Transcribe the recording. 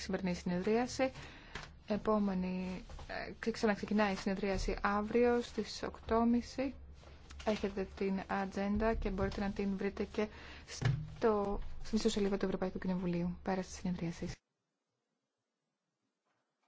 σημερινή συνεδρίαση. Επόμενη, ε, ξαναξεκινάει η συνεδρίαση αύριο στις 8.30. Έχετε την ατζέντα και μπορείτε να την βρείτε και στο, στην ιστοσελίδα του Ευρωπαϊκού Κοινοβουλίου πέρα στη συνεδρίαση.